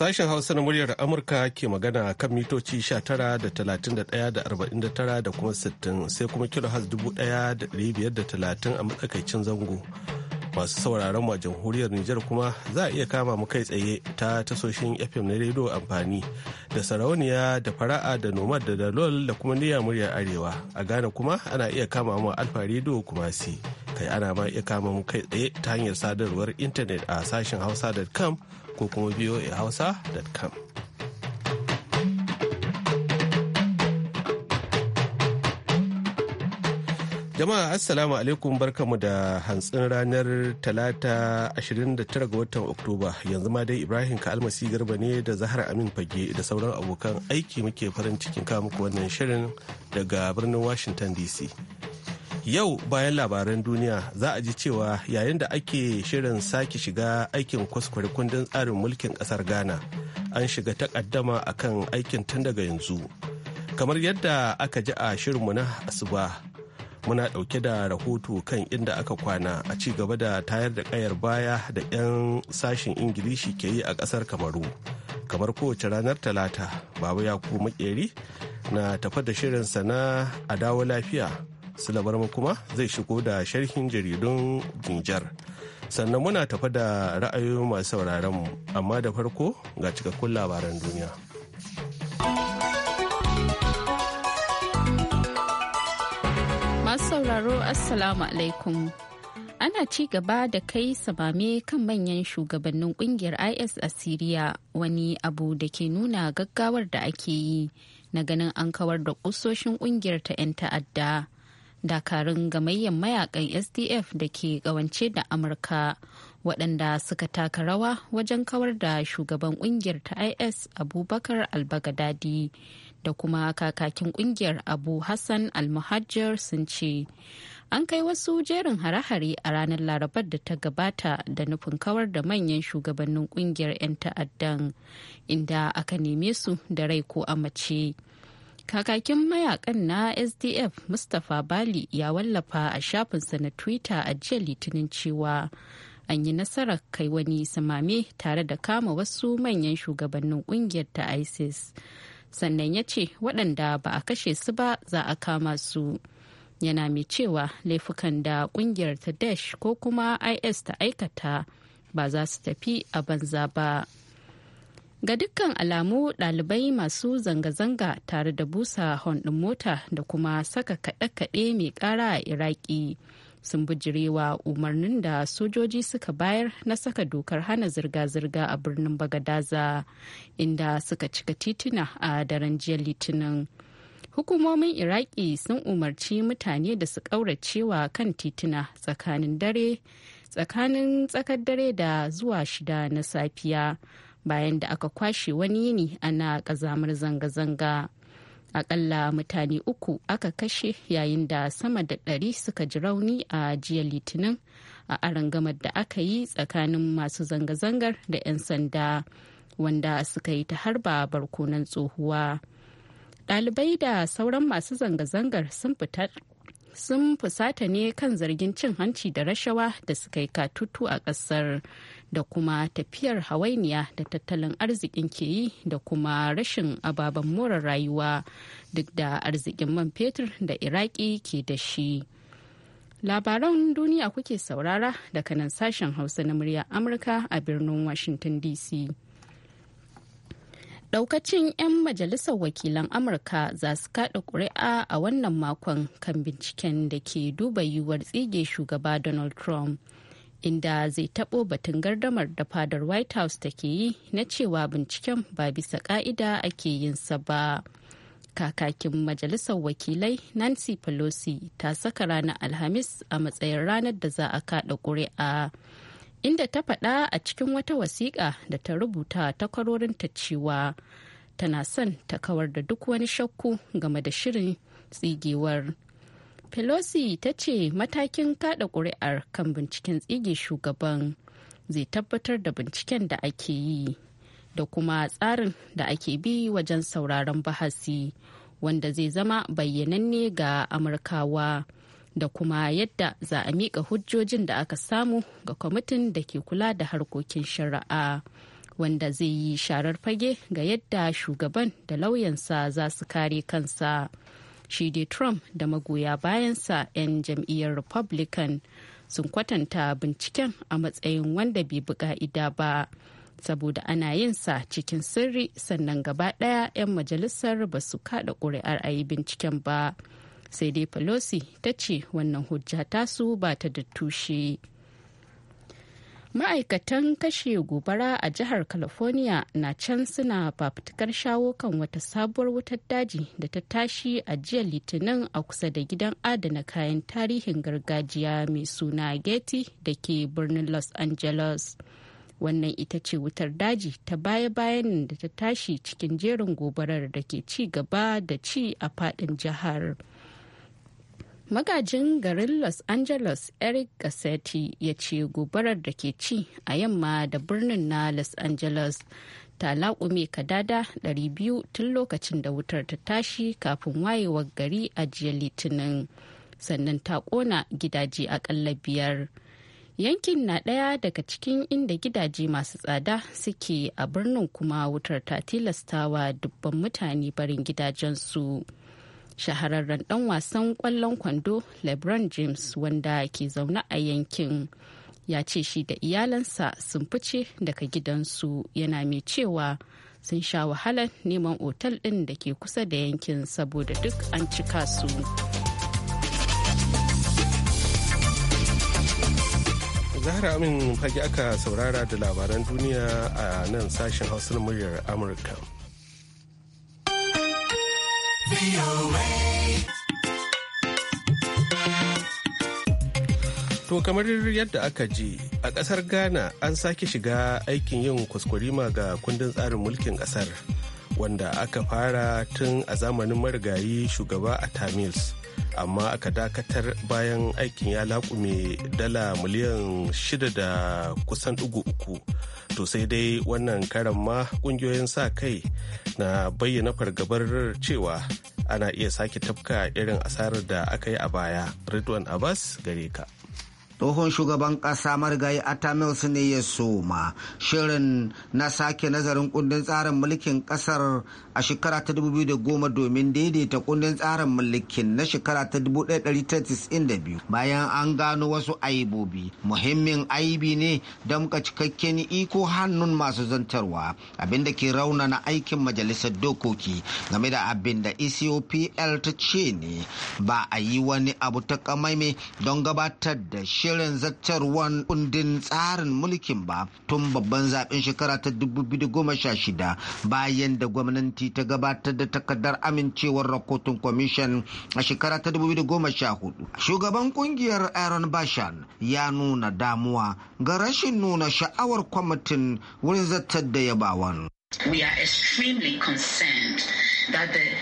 Sashen Hausa na muryar Amurka ke magana kan mitoci 19 da da 49 da kuma 60 sai kuma kilohaz 1530 a matsakaicin zango. Masu sauraron ma jamhuriyar Nijar kuma za a iya kama mu kai tsaye ta tasoshin FM na rediyo amfani da sarauniya da fara'a da nomad da dalol da kuma niyya muryar arewa. A Ghana kuma ana iya kama mu alfa rediyo kuma si. Kai ana ma iya kama mu kai tsaye ta hanyar sadarwar intanet a sashen hausa.com ko kuma voahausa.com. Jama'a Assalamu alaikum barkamu da hantsin ranar Talata 29 ga watan Oktoba yanzu ma dai Ibrahim Kalmasi Garba ne da Zahar Amin Fage da sauran abokan aiki muke farin cikin muku wannan shirin daga birnin Washington DC. Yau bayan labaran duniya za a ji cewa yayin da ake shirin sake shiga aikin kwaskwari kundin tsarin mulkin kasar Ghana an shiga takaddama kan aikin tun daga yanzu. Kamar yadda aka ji a shirinmu na asuba muna ɗauke da rahoto kan inda aka kwana a ci gaba da tayar da ƙayar baya da 'yan sashen ingilishi ke yi a ƙasar kamaru kamar kowace ranar talata babu ya ku makeri na tafa da shirinsa na a dawo lafiya Sulabarma kuma zai shigo da sharhin jaridun Nijar. Sannan muna tafa da ra'ayoyin masu mu amma da farko ga cikakkun labaran duniya. Masu sauraro Assalamu alaikum. ana ci gaba da kai samame kan manyan shugabannin kungiyar is a siriya wani abu da ke nuna gaggawar da ake yi na ganin an kawar da kusoshin kungiyar ta 'yan ta'adda dakarun gamayyar mayakan sdf da ke kawance da amurka waɗanda suka taka rawa wajen kawar da shugaban ƙungiyar ta is abubakar albagadadi da kuma kakakin ƙungiyar abu hassan almuhajjar sun ce an kai wasu jerin hare-hare a ranar larabar da ta gabata da nufin kawar da manyan shugabannin ƙungiyar 'yan ta'addan inda aka neme su da rai ko a mace Kakakin mayakan na SDF Mustapha Bali ya wallafa a shafinsa na Twitter a jiya Litinin cewa an yi nasarar kai wani samame tare da kama wasu manyan shugabannin kungiyar ta ISIS. Sannan ya ce waɗanda ba a kashe su ba za a kama su. Yana mai cewa laifukan da kungiyar ta dash ko kuma IS ta aikata ba za su tafi a banza ba. Ga dukkan alamu ɗalibai masu zanga-zanga tare da busa hon mota da kuma saka kaɗe-kaɗe mai ƙara a Iraki sun bijirewa umarnin da sojoji suka bayar na saka dokar hana zirga-zirga a birnin Bagadaza inda suka cika tituna a daren jiya Litinin. hukumomin iraki sun umarci mutane da su ƙauracewa kan tituna tsakanin dare tsakanin tsakar dare da zuwa shida na safiya bayan da aka kwashe wani yini ana kazamar zanga-zanga akalla mutane uku aka kashe yayin da sama da ɗari suka ji rauni a jiya litinin a arangamar da aka yi tsakanin masu zanga-zangar da 'yan sanda wanda suka yi ta harba barkonan tsohuwa ɗalibai da sauran masu zanga-zangar sun fita sun fusata ne kan zargin cin hanci da rashawa da suka yi katutu a ƙasar da kuma tafiyar hawainiya da tattalin arzikin ke yi da kuma rashin ababen more rayuwa duk da arzikin man fetur da iraki ke da shi labaran duniya kuke saurara daga nan sashen hausa na murya amurka a birnin washington dc daukacin 'yan majalisar wakilan amurka za su kada kuri'a a wannan makon kan binciken da ke duba yiwuwar tsige shugaba donald trump inda zai taɓo batun gardamar da fadar white house take yi na cewa binciken ba bisa ka'ida ake yin sa ba kakakin majalisar wakilai nancy pelosi ta saka ranar alhamis a matsayin ranar da za a kada kuri'a. inda ta faɗa a cikin wata wasiƙa da ta rubuta takwarorinta cewa tana son ta kawar da duk wani shakku game da shirin tsigewar. Pelosi ta ce matakin kada ƙuri'ar kan binciken tsige shugaban zai tabbatar da binciken da ake yi da kuma tsarin da ake bi wajen sauraron bahasi wanda zai zama bayyananne ga Amurkawa. da kuma yadda za a miƙa hujjojin da aka samu ga kwamitin da ke kula da harkokin shari'a wanda zai yi sharar fage ga yadda shugaban da lauyansa za su kare kansa shi dai trump da magoya bayansa 'yan jam'iyyar republican sun kwatanta binciken a matsayin wanda bai bi ka'ida ba saboda ana yin sa cikin sirri sannan gaba ɗaya 'yan majalisar ba su kada ƙuri'ar a yi binciken ba. sai dai pelosi ta ce wannan hujja tasu ba ta da tushe ma'aikatan kashe gobara a jihar california na can suna fafutukar shawo kan wata sabuwar wutar daji da ta tashi a jiya litinin a kusa da gidan adana kayan tarihin gargajiya mai suna getty da ke birnin los angeles wannan ita ce wutar daji ta baya-bayan da ta tashi cikin jerin gobarar da ke ci gaba da ci a fadin jihar. magajin garin los angeles eric gassetti ya ce gobarar da ke ci a yamma da birnin na los angeles ta laƙume kadada 200 tun lokacin da wutar ta tashi kafin wayewar gari a jiya litinin sannan ta ƙona gidaje aƙalla biyar yankin na ɗaya daga cikin inda gidaje masu tsada suke a birnin kuma wutar ta tilastawa dubban mutane barin gidajensu. su shahararren dan wasan kwallon kwando lebron james wanda ke zaune a yankin ya ce shi da iyalansa sun fice daga gidansu yana mai cewa sun sha wahalar neman otal ɗin da ke kusa da yankin saboda duk an cika su. zahra amin fage aka saurara da labaran duniya a nan sashen hausa muryar amurka. To kamar yadda aka je a ƙasar Ghana an sake shiga aikin yin kuskurima ga kundin tsarin mulkin ƙasar wanda aka fara tun a zamanin marigayi shugaba a Tamils amma aka dakatar bayan aikin ya laƙume dala miliyan shida da kusan ɗigo uku to sai dai wannan karan ma ƙungiyoyin sa kai na bayyana fargabar cewa ana iya sake tafka irin asarar da aka yi a baya ridwan abbas gare ka tsohon shugaban ƙasa marigayi atamils ne ya soma shirin na sake nazarin kundin tsarin mulkin ƙasar a shekara ta 2010 domin daidaita kundin tsarin mulkin na shekara ta 1992 bayan an gano wasu aibobi muhimmin aibi ne damka cikakken iko hannun masu zantarwa abinda ke raunana aikin majalisar dokoki game da abinda da ecopl ta ce ne ba a yi wani abu ta kamaime don gabatar da shi shirin zaccarwan kundin tsarin mulkin ba tun babban zaben shekara ta 2016 bayan da gwamnati ta gabatar da takardar amincewar rahoton kwamishin a shekara ta 2014. Shugaban kungiyar Aaron Bashan ya nuna damuwa ga rashin nuna sha'awar kwamitin wurin zartar da yabawan. We are extremely concerned that the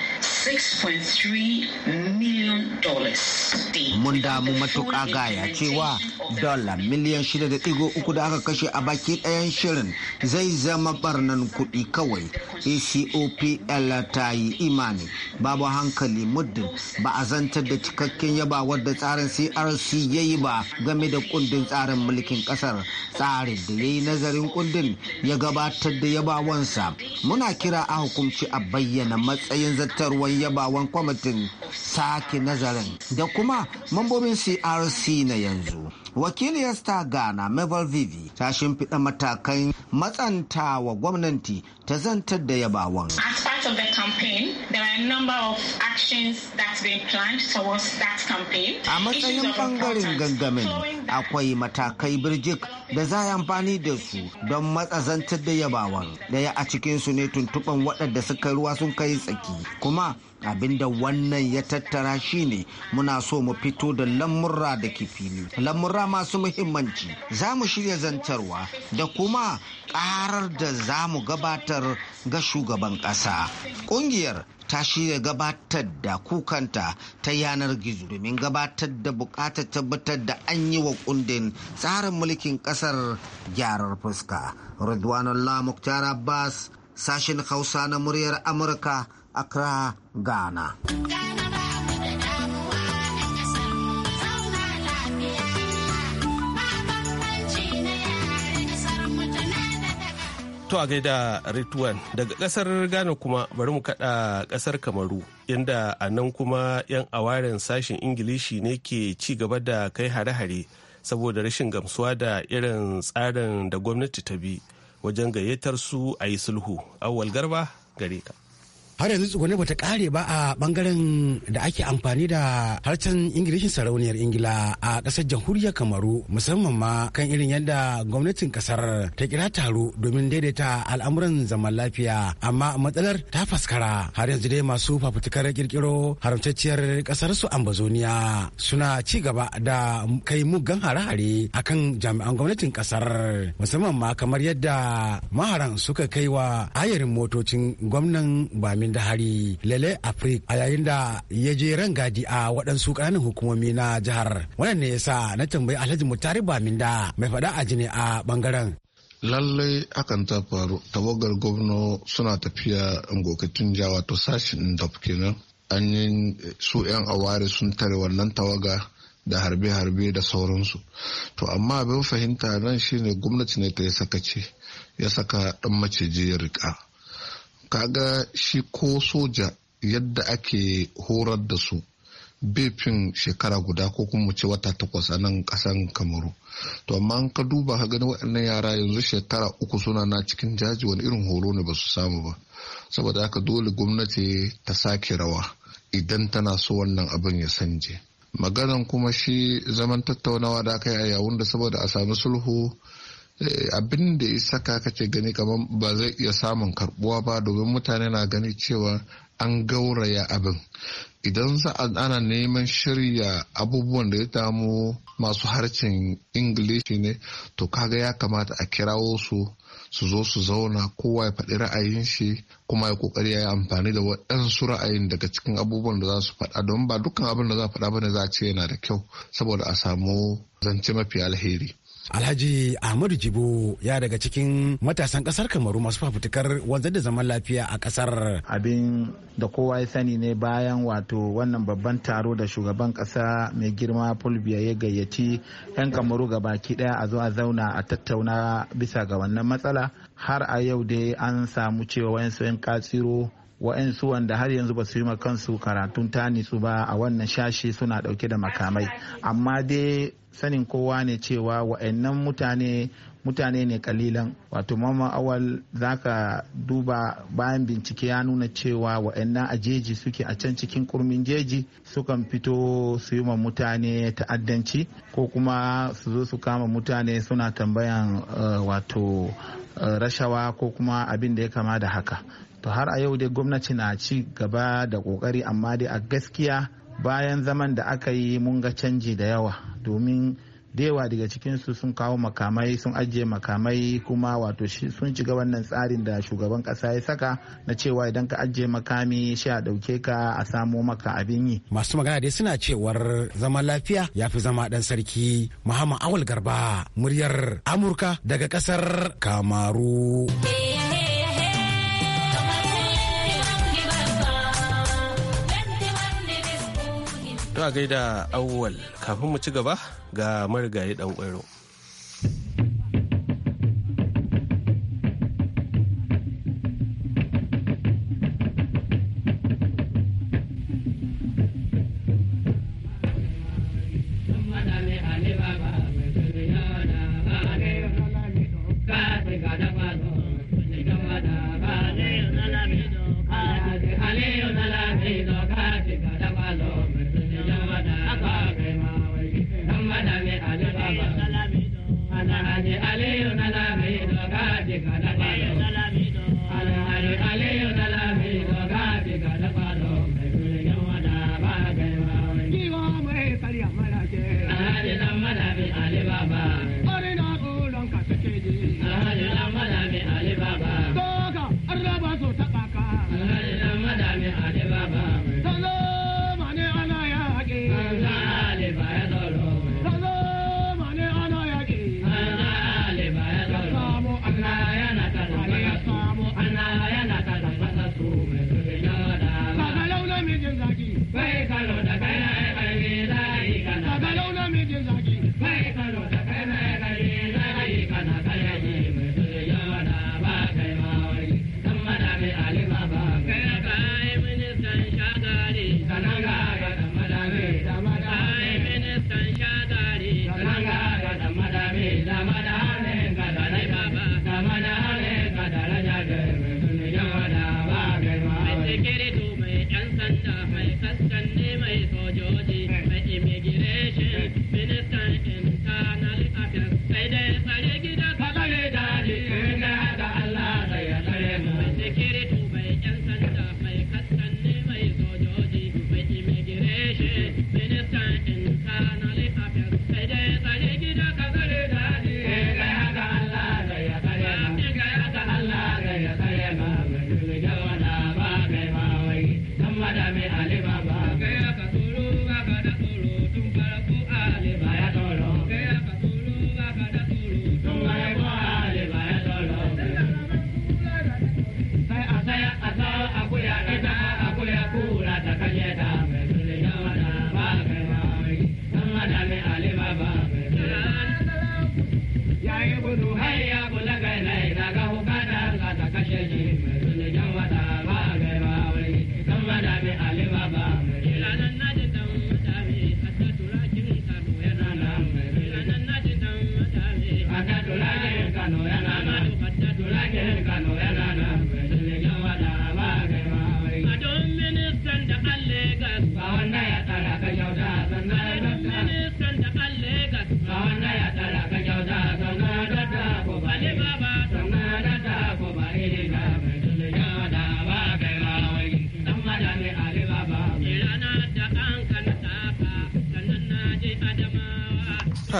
Mun damu matuƙa gaya cewa dala miliyan shida da uku da aka kashe a baki ɗayan shirin zai zama barnan kuɗi kawai. ACOPL e ta yi imani babu hankali muddin ba a zantar da cikakken yaba wadda tsarin CRC ya yi ba game da kundin tsarin mulkin ƙasar tsarin da ya yi nazarin kundin ya gabatar da yabawansa. Muna kira a hukumci a bayyana matsayin zartarwar yabawan kwamitin sake nazarin da kuma mambobin crc na yanzu wakiliyar star ghana Mabel vivi ta shimfiɗa matakan matsantawa gwamnati ta zantar da yabawan part of the campaign, there are a number of actions that's been planned towards that campaign. A matsayin ɓangaren gangamin akwai matakai birjik da za a amfani da su don matsazantar da yabawan. Daya a cikinsu ne tuntuɓan waɗanda suka ruwa sun kai tsaki. Kuma abinda wannan ya tattara shine muna so mu fito da lamurra da ke fili lamurra masu muhimmanci za mu shirya zantarwa da kuma karar da za mu gabatar ga shugaban ƙasa Ƙungiyar ta shirya gabatar da kukanta ta yanar gizo domin gabatar da buƙatar tabbatar da an yi wa kundin tsarin mulkin ƙasar gyarar fuska. Ridwanullah Muktar Abbas sashen Hausa na muryar Amurka, Accra, Ghana. To a gaida Rituwan daga kasar Ghana kuma bari mu kada kasar Kamaru inda a nan kuma 'yan awaren sashen Ingilishi ne ke ci gaba da kai hare-hare saboda rashin gamsuwa da irin tsarin da gwamnati ta bi wajen gayyatar su a yi sulhu. Awwal garba gare ka. har yanzu tsugune bata kare ba a bangaren da ake amfani da harshen ingilishin sarauniyar ingila a kasar jamhuriyar kamaru musamman ma kan irin yadda gwamnatin kasar ta kira taro domin daidaita al'amuran zaman lafiya amma matsalar ta faskara har yanzu dai masu fafutukar kirkiro haramtacciyar kasar su ambazoniya suna ci gaba da kai muggan hare-hare akan jami'an gwamnatin kasar musamman ma kamar yadda maharan suka kai wa ayarin motocin gwamnan bamin gabanin da hari lele afrik a yayin da ya je rangadi a waɗansu ƙananan hukumomi na jihar wannan ne yasa na tambayi alhaji mutari da mai faɗa a jini a ɓangaren lallai hakan ta faru tawagar gwamna suna tafiya gokakin jawa to sashin da kenan an yi su 'yan aware sun tare wannan tawaga da harbe-harbe da sauransu to amma abin fahimta nan shine gwamnati ne ta yi sakaci ya saka dan maciji ya rika kaga shi ko soja yadda ake horar da su befin shekara guda ko kuma ce wata takwas a nan kasan kamaru to amma an ka duba ka gani waɗannan yara yanzu shekara uku suna na cikin jaji wani irin horo ne ba su samu ba saboda haka dole gwamnati ta sake rawa idan tana so wannan abin ya sanje maganan kuma shi zaman tattaunawa da aka yi a yawun da saboda a sami sulhu Eh, abin da ya saka kake gani kamar ba zai iya samun karbuwa ba domin mutane na gani cewa an gauraya abin idan za ana neman shirya abubuwan da ya damu masu harshen ingilishi ne to kaga ya kamata a kirawo su su zo su zauna kowa ya faɗi ra'ayin shi kuma ya kokari ya yi amfani da waɗansu ra'ayin daga cikin abubuwan da za su faɗa don ba dukkan abin da za a faɗa ne za a ce yana da kyau saboda a samu zance mafi alheri Alhaji Ahmadu Jibo ya daga cikin matasan kasar Kamaru masu fafutukar wanzar da zaman lafiya a kasar. Abin da kowa ya sani ne bayan wato wannan babban taro da shugaban kasa mai girma Fulbiya ya gayyaci 'yan Kamaru ga baki daya a zo a zauna a tattauna bisa ga wannan matsala har a yau dai an samu cewa wayansu 'yan katsiro wa'yansu wanda har yanzu ba su yi kansu karatun tanisu ba a wannan shashi suna dauke da makamai amma dai sanin kowa ne cewa wa'annan mutane mutane ne kalilan wato mama awal zaka duba bayan bincike ya nuna cewa wa'annan a jeji suke a can cikin kurmin jeji sukan fito su yi mutane ta'addanci ko kuma su zo su kama mutane suna tambayan eh, wato eh, rashawa ko kuma abin da ya kama da haka to har a yau dai gwamnati na ci gaba da kokari amma dai a gaskiya bayan zaman da aka yi mun ga canji da yawa domin yawa daga cikinsu sun kawo makamai sun ajiye makamai kuma wato sun shiga wannan tsarin da shugaban kasa ya saka na cewa idan ka ajiye makami shi a dauke ka a samo maka abin yi masu magana dai suna cewar zama lafiya ya fi zama dan sarki muhammad awal garba muryar amurka daga kasar kamaru. To a gaida awwal kafin mu ci gaba ga marigayi dan kwairo. Gracias.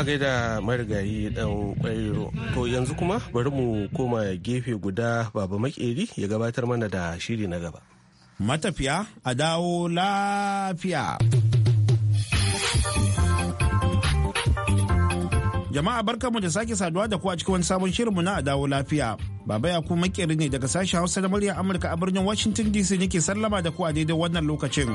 gai gaida marigayi dan kwairo to yanzu kuma bari mu koma gefe guda baba makeri ya gabatar mana da shiri na gaba matafiya a dawo lafiya jama'a barkanmu da sake saduwa da ku a cikin wani sabon shirinmu na a dawo lafiya Baba ku makeri ne daga sashen Hausa da murya Amurka a birnin Washington DC nake sallama da ku a daidai wannan lokacin.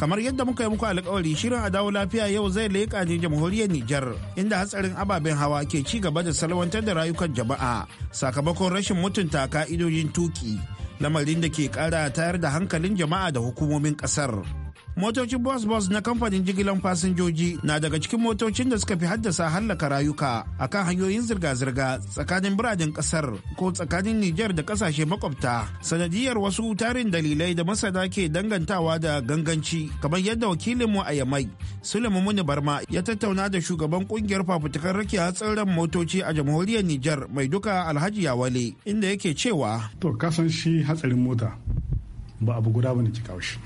kamar yadda muka yi muku alkawari shirin adawo lafiya yau zai leƙa ne jamhuriyar Nijar inda hatsarin ababen hawa ke ci gaba da salwantar da rayukan jama'a sakamakon rashin mutunta ka'idojin tuki lamarin da ke ƙara tayar da hankalin jama'a da hukumomin ƙasar. motocin bus bus na kamfanin jigilan fasinjoji na daga cikin motocin da suka fi haddasa hallaka rayuka a kan hanyoyin zirga-zirga tsakanin biranen kasar ko tsakanin Nijar da kasashe makwabta sanadiyar wasu tarin dalilai da masana ke dangantawa da ganganci kamar yadda wakilinmu a Yamai Sulaiman Muni Barma ya tattauna da shugaban kungiyar fafutukar rakiya tsirran motoci a jamhuriyar Nijar mai duka Alhaji Yawale inda yake cewa to kasan shi hatsarin mota ba abu guda bane ki kawo shi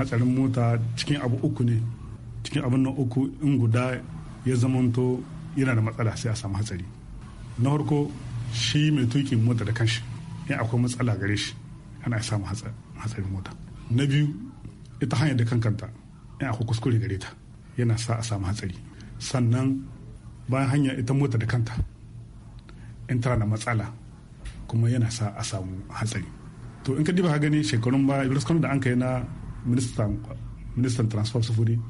hatsarin mota cikin abu uku ne cikin abin na uku in guda ya zamanto yana da matsala sai a samu hatsari na farko shi mai tukin mota da kanshi in akwai matsala gare shi ana samu hatsarin mota na biyu ita hanyar da kankanta in akwai kuskure gare ta yana sa a samu hatsari sannan bayan hanya ita mota da kanta in tara da matsala kuma yana sa a samu hatsari to in ka diba ka gani shekarun ba virus da an kai na ministan transport sufuri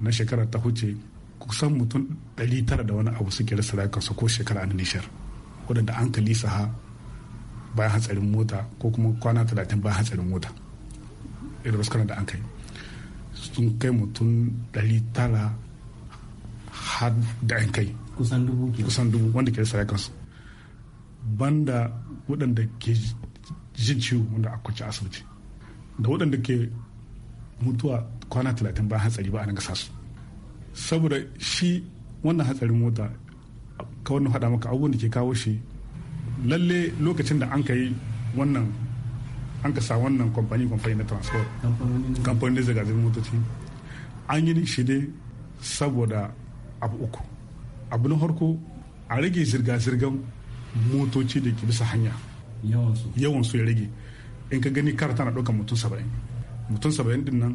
na shekara ta huce kusan mutum 900 da wani abu suke rasa su ko shekara an nishar waɗanda an kali saha bayan hatsarin mota ko kuma kwana 30 bayan hatsarin mota irin da an kai sun kai mutum 900 har da an kai kusan dubu wanda ke rasa su. banda waɗanda ke jin ciwo wanda a kwanci asibiti da waɗanda ke mutuwa kwana talatin ba hatsari ba a nan su saboda shi wannan hatsarin mota ka wannan hada maka abubuwan da ke kawo shi lalle lokacin da an kai wannan an ka sa wannan kamfani kamfani na transport kamfani da zagazin motoci an yi shi ne saboda abu uku abu na harko a rage zirga zirgan motoci da ke bisa hanya yawan su ya rage in ka gani kar tana ɗaukar mutum saba'in mutum saba'in din nan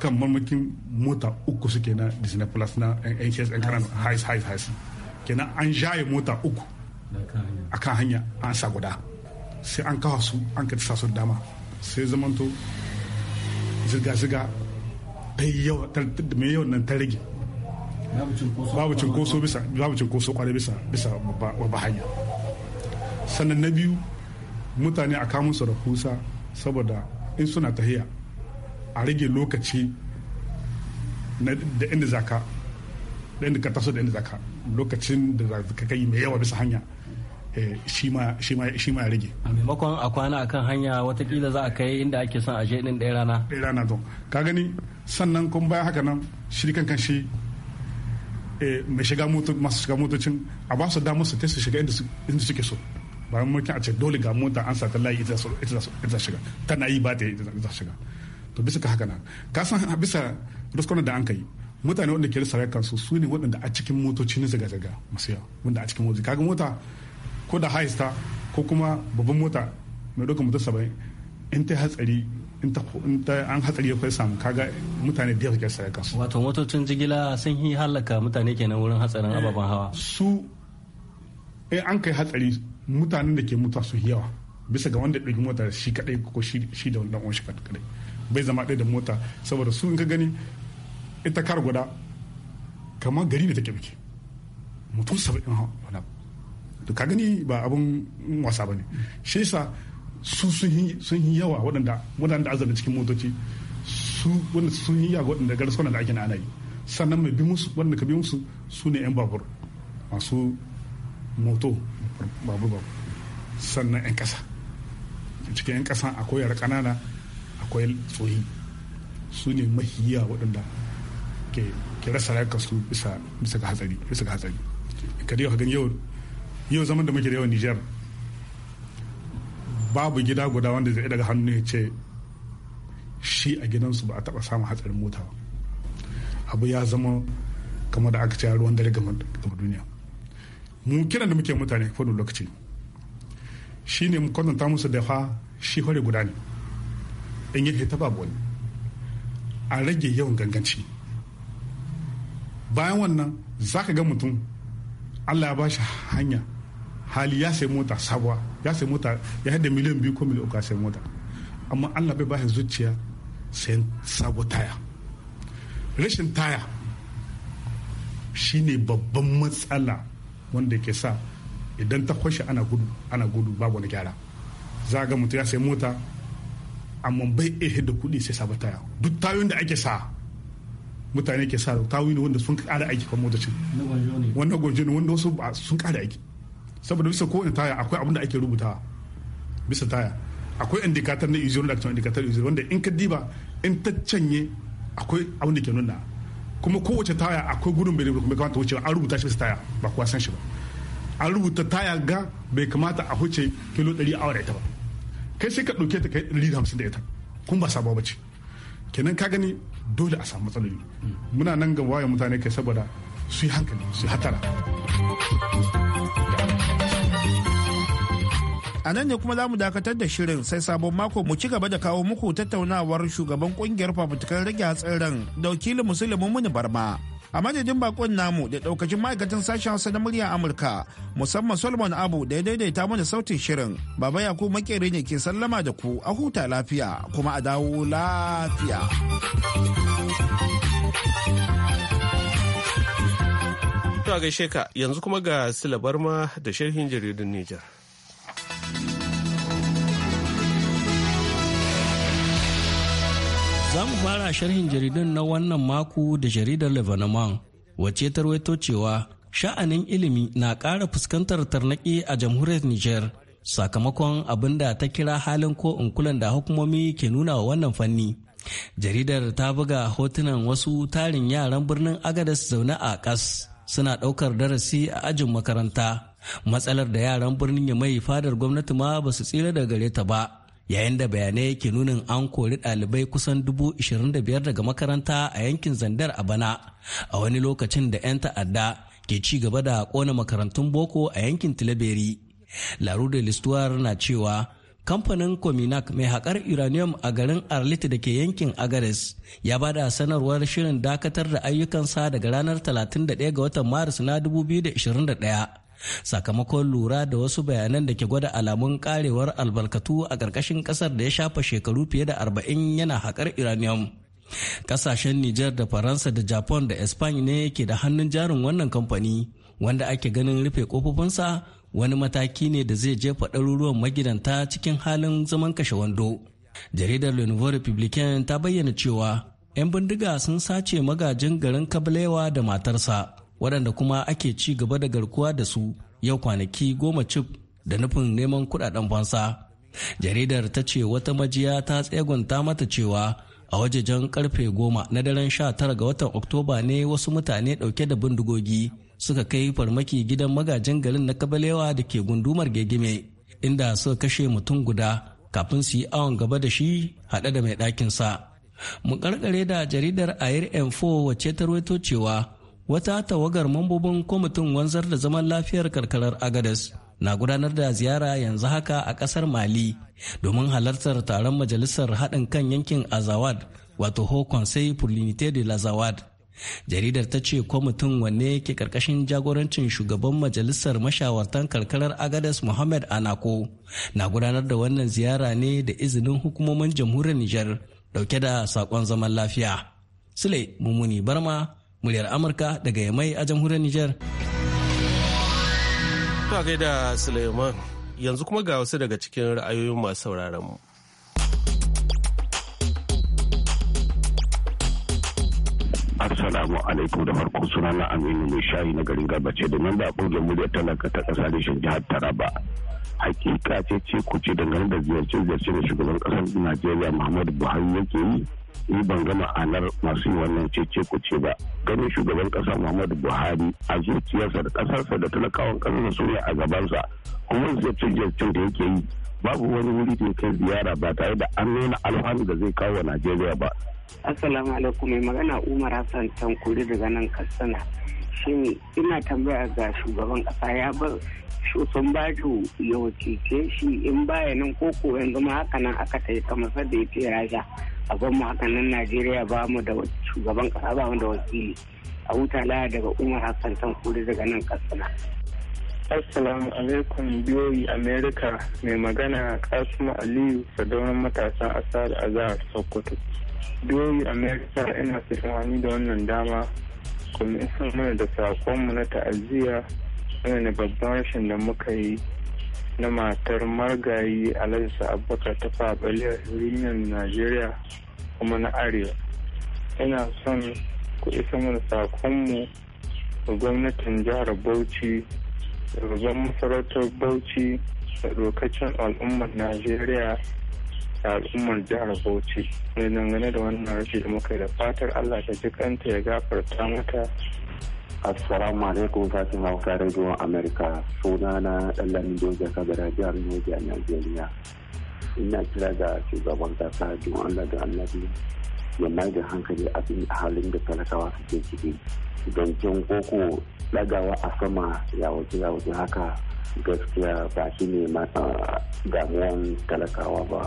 kan mamakin mota uku suke na disney plus na nhs yan karan hais hais hais kenan an jaye mota uku a kan hanya an sa guda sai an kawo su an ka sa su dama sai zamanto zirga-zirga ta yi yawa mai yawan nan ta rage babu cinkoso bisa babu cinkoso kwarai bisa bisa babba hanya sannan na biyu mutane a kamun su da kusa saboda in suna tahiya a rage lokaci da inda zaka da inda ka taso da inda zaka lokacin da ka kai mai yawa bisa hanya eh, shi ma ya rage a maimakon a kwana akan hanya watakila za a kai inda ake son aje din ɗaya rana ɗaya rana don ka gani sannan kuma bayan haka nan shi kan shi eh, mai shiga masu shiga motocin a ba su damar su su shiga inda suke so bayan mulkin a ce dole ga mota an sa ta layi ita za shiga tana yi ba ta yi ita za shiga to bisa ka haka na ka san bisa ruskon da an kai mutane wanda ke sarai kansu su ne waɗanda a cikin motoci na zaga zaga masu yawa wanda a cikin motoci kaga mota ko da haista ko kuma babban mota mai ɗaukar mutum saba'in in ta hatsari in ta an hatsari ya samu kaga mutane da ke sarai kansu. wato motocin jigila sun yi halaka mutane kenan wurin hatsarin eh, ababen hawa. su eh an kai hatsari mutanen da ke mutuwa su yawa bisa ga wanda ɗauki mota shi kaɗai ko shi da wani shi kaɗai. bai zama ɗaya da mota saboda su in ka gani ita kar guda kama gari ne take biki mutum saba'in wala to ka gani ba abun wasa ba ne shi yasa su sun yi yawa waɗanda waɗanda azabin cikin motoci su wanda sun yi yawa waɗanda garis da ake na yi sannan mai bi musu waɗanda ka bi musu su ne 'yan babur masu moto babur babur sannan 'yan ƙasa cikin 'yan ƙasa akwai yara ƙanana akwai tsohi su ne mahiya waɗanda ke rasa rayuka su bisa ga hatsari bisa hatsari ka dai hagan yau yau zaman da muke da yawan Niger babu gida guda wanda zai daga hannu ya ce shi a gidansu ba a taba samun hatsarin mota ba abu ya zama kamar da aka ce ruwan dare game duniya mu kiran da muke mutane kowane lokaci shi ne mu kwatanta musu dafa fa shi hore guda ne in ya ta babu wani a rage yawan ganganci bayan wannan za ka ga mutum allah ya bashi hanya hali ya sai mota sabuwa ya sai mota ya haɗa miliyan biyu ko miliyan uku sai mota amma allah bai bashi zuciya sai sabuwar taya rashin taya shine babban matsala wanda ke sa idan ta kwashe ana gudu ana gudu babu wani gyara za ga mutum ya sai mota amma bai iya hidda kuɗi sai sabon taya duk tayoyin da ake sa mutane ke sa tayoyi ne wanda sun ƙara aiki kamar motocin wanda gwaje ne wanda wasu sun ƙara aiki saboda bisa kowane taya akwai abin da ake rubutawa bisa taya akwai indikatar na user da indikatar user wanda in ka diba in ta canye akwai abin da ke nuna kuma kowace taya akwai gudun bai kuma kamata wuce an rubuta shi bisa taya ba kuwa san shi ba an rubuta taya ga bai kamata a huce kilo 100 a wadata ita ba kai sai ka ɗauke ta kai ɗari da hamsin da ita kuma ba sabuwa bace kenan ka gani dole a samu matsaloli muna nan ga waye mutane kai saboda su yi hankali su hatara a nan ne kuma za mu dakatar da shirin sai sabon mako mu ci gaba da kawo muku tattaunawar shugaban kungiyar fafutukar rage hatsarin da wakilin musulmin muni barma a madadin bakon namu da daukacin ma'aikatan sashen hausa na murya amurka musamman solomon abu da ya daidaita mana sautin shirin baba yakubu makere ne ke sallama da ku a huta lafiya kuma a dawo lafiya To a gaishe ka yanzu kuma ga silabar da sharhin jaridun Nijar. Za mu fara sharhin jaridun na wannan mako da jaridar Lebanon wacce tarwaito cewa sha'anin ilimi na ƙara fuskantar tarnaƙi a jamhuriyar Nijar sakamakon abin da ta kira halin ko inkulan da hukumomi ke nuna wa wannan fanni. Jaridar ta buga hotunan wasu tarin yaran birnin Agadas zaune a ƙas suna ɗaukar darasi a ajin makaranta. Matsalar da yaran birnin ya mai fadar gwamnati ma ba su tsira da gare ta ba. yayin da bayanai ke nunin an kori ɗalibai kusan dubu ishirin da biyar daga makaranta a yankin zandar a bana a wani lokacin da 'yan ta'adda ke ci gaba da kona makarantun boko a yankin tilaberi da listuwar na cewa kamfanin cominac mai haƙar uranium a garin arlit da ke yankin agares ya ba da sanarwar shirin dakatar da ayyukansa daga ranar 31 ga watan maris na 2021 sakamakon lura da wasu bayanan da ke gwada alamun karewar albarkatu a ƙarƙashin ƙasar da ya shafa shekaru fiye da arba'in yana haƙar uranium ƙasashen Niger, da faransa da japan da espanya ne ke da hannun jarin wannan kamfani wanda ake ganin rufe kofofinsa wani mataki ne da zai jefa ɗaruruwan magidanta cikin halin zaman kashe wando. Jaridar Le Nouveau ta bayyana cewa 'yan bindiga sun sace magajin garin Kablewa da matarsa waɗanda kuma ake ci gaba da garkuwa da su yau kwanaki goma cif da nufin neman kuɗaɗen fansa. Jaridar ta ce wata majiya ta tsegunta mata cewa a wajejen karfe goma na daren sha tara ga watan Oktoba ne wasu mutane ɗauke da bindigogi suka kai farmaki gidan magajin garin na Kabalewa da ke gundumar gegime inda suka kashe mutum guda kafin su yi awon gaba da shi haɗe da mai ɗakinsa. mu karkare da jaridar air m4 wacce ta ruwaito cewa wata tawagar mambobin kwamitin wanzar da zaman lafiyar karkarar agadas na gudanar da ziyara yanzu haka a kasar mali domin halartar taron majalisar haɗin kan yankin azawad wato ho conseil pour l'unité de l'azawad jaridar ta ce kwamitin wanne ke karkashin jagorancin shugaban majalisar mashawartan karkarar agadas mohamed anako na gudanar da wannan ziyara ne da izinin hukumomin jamhuriyar nijar dauke da saƙon zaman lafiya sule mummuni barma muryar amurka daga yamai a jamhuriyar niger to gaida suleiman yanzu kuma ga wasu daga cikin ra'ayoyin masu sauraron mu Assalamu alaikum da farko suna na Aminu mai shayi na garin Garbace da nan da kungiyar muryar talaka ta kasa da jihar Taraba. Hakika ce ce kuce dangane da ziyarce ziyarce da shugaban kasar Najeriya Muhammadu Buhari yake yi ni ban ga ma'anar masu yi wannan cece ce ba ganin shugaban kasa muhammadu buhari a zuciyarsa da kasarsa da talakawan kasarsa su ne a gabansa kuma ziyarce-ziyarcen da yake yi babu wani wuri da kai ziyara ba tare da an nuna alfanu da zai kawo najeriya ba assalamu alaikum mai magana umar hassan tankuri daga nan katsina ne ina tambaya ga shugaban kasa ya bar sun ba ya wakilce shi in baya nan koko yanzu ma haka nan aka ta yi kamar sadda ya ce raja a ban mu hakan nan najeriya ba mu da shugaban kasa ba mu da wakili a huta laya daga umar hassan kuri daga nan kasana assalamu alaikum biyoyi amerika mai magana kasimu aliyu sadaunan matasan asar azahar sokoto biyoyi america ina tsammani da wannan dama kuma isa mana da sakonmu na ta'aziyya wani babban rashin da muka yi na matar margayi alhaji abubakar ta faɓaliyar union najeriya kuma na arewa ina son ku isa mana sakonmu da gwamnatin jihar bauchi da masarautar bauchi da dokacin al'ummar najeriya da al'ummar jihar bauchi mai dangane da wannan rashi da muka da fatar allah ta ji kanta ya gafarta mata Assalamu alaikum sashen hausa rediyon Amerika suna na ɗan Doja Kabira jihar Niger Nigeria. Ina kira ga shugaban kasa don Allah da Annabi ya mai da hankali a halin da talakawa suke ciki. Zancen koko ɗagawa a sama ya wuce ya wuce haka gaskiya ba shi ne damuwan talakawa ba.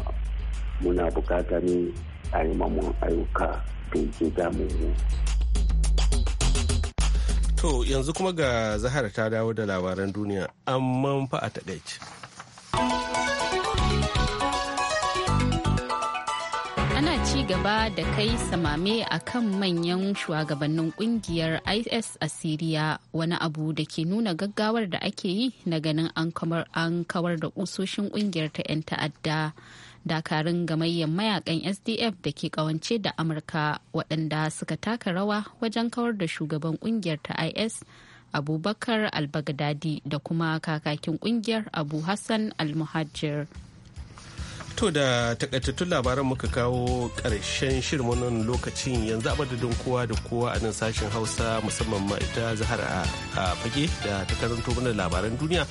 Muna bukata ne a yi ayyuka da ke damu mu. To yanzu kuma ga Zahara ta dawo da labaran duniya amma fa a taɗaici. Ana ci gaba da kai samame a kan manyan shugabannin kungiyar IS a Siriya wani abu da ke nuna gaggawar da ake yi na ganin an kawar da kusoshin kungiyar ta 'yan ta'adda. dakarun gamayyar mayakan sdf da ke kawance da amurka waɗanda suka taka rawa wajen kawar da shugaban kungiyar ta is abubakar albagadadi da kuma kakakin kungiyar abu hassan al-muhajir To da takaitattun labaran muka kawo karshen shirin wannan lokacin yanzu abadadin kowa da kowa a nan sashen Hausa musamman ma ita Zahar a fage da ta karanto mana labaran duniya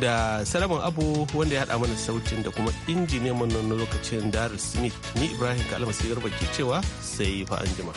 da Salaman Abu wanda ya haɗa mana sautin da kuma injiniyan wannan lokacin Darius Smith ni Ibrahim Kalmasi Garba ke cewa sai fa anjima.